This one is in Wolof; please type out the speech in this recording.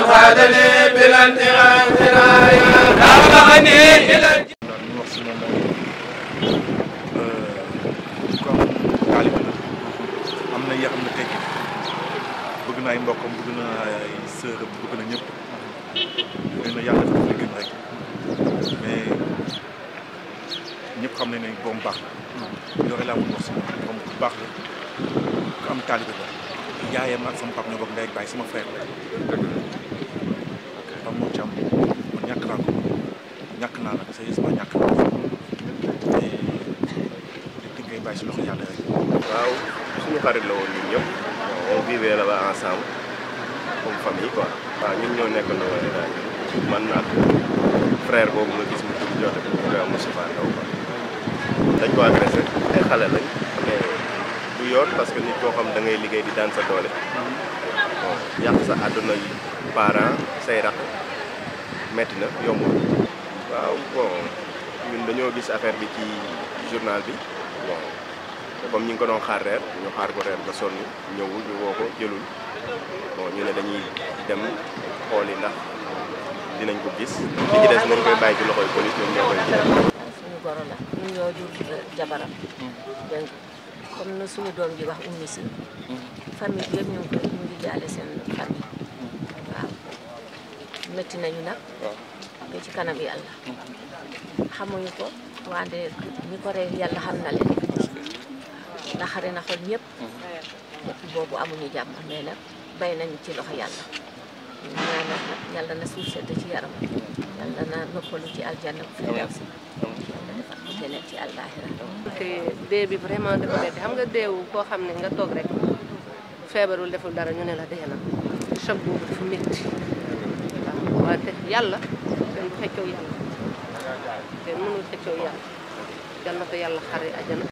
bëgg na ay mbokkam bëgg na ay sëram bëgg na ñëpp xëy na yàlla dafa gën rek mais ñëpp xam nañ ne boom baax la yore laa mun wax si baax la ku am taalibe la yaayam ak sama pap ñoo bokk ndey ak baay sama frère la. ok Pape Mor Thiam man ñàkk naa ko ñàkk naa nag naa ko te lépp dañ koy bàyyi si loxo yàlla rek. waaw suñu xarit la ensemble comme famille quoi. waaw ñun ñoo nekk na woon daal man ak frère boobu nga gis mu tudd joxe ko mu koy am Moustapha Ndaw quoi dañ ko agressé ay xale lañ. yoon parce que nit koo xam da ngay liggéey di daan sa doole yàq sa àdduna yi parent say rakk metti na yombul waaw bon ñun dañoo gis affaire bi ci journal bi bon comme ñi ngi ko doon xaar reer ñu xaar ko reer ba sonn ñëwul ñu woo ko jëlul bon ñu ne dañuy dem xooli ndax dinañ ko gis li ci des nañ koy bàyyi ci loxoy police ñoom ñoo koy jël suñu goro comme na suñu doom ji wax ummi si famille bi ñu ngi jaale seen famille waaw métti nañu nag ba ci kanam yàlla xamuñu ko wante ñi ko rey yàlla xam na leen ndax xare na xol ñëpp boobu amuñu jàmm mais nag bay nañu ci loxo yàlla ñaanal nag yàlla na suuf sedd ci yaram yàlla na noppalu ci aljanna bu fi ci te dee bi vraiment dafa metti xam nga deewu koo xam ne nga toog rek feebarul deful dara ñu ne la dee na choc boobu dafa metti waaw te yàlla kenn du xëccoo yàlla kenn mënul xëccoo yàlla yal na ko yàlla xare ajana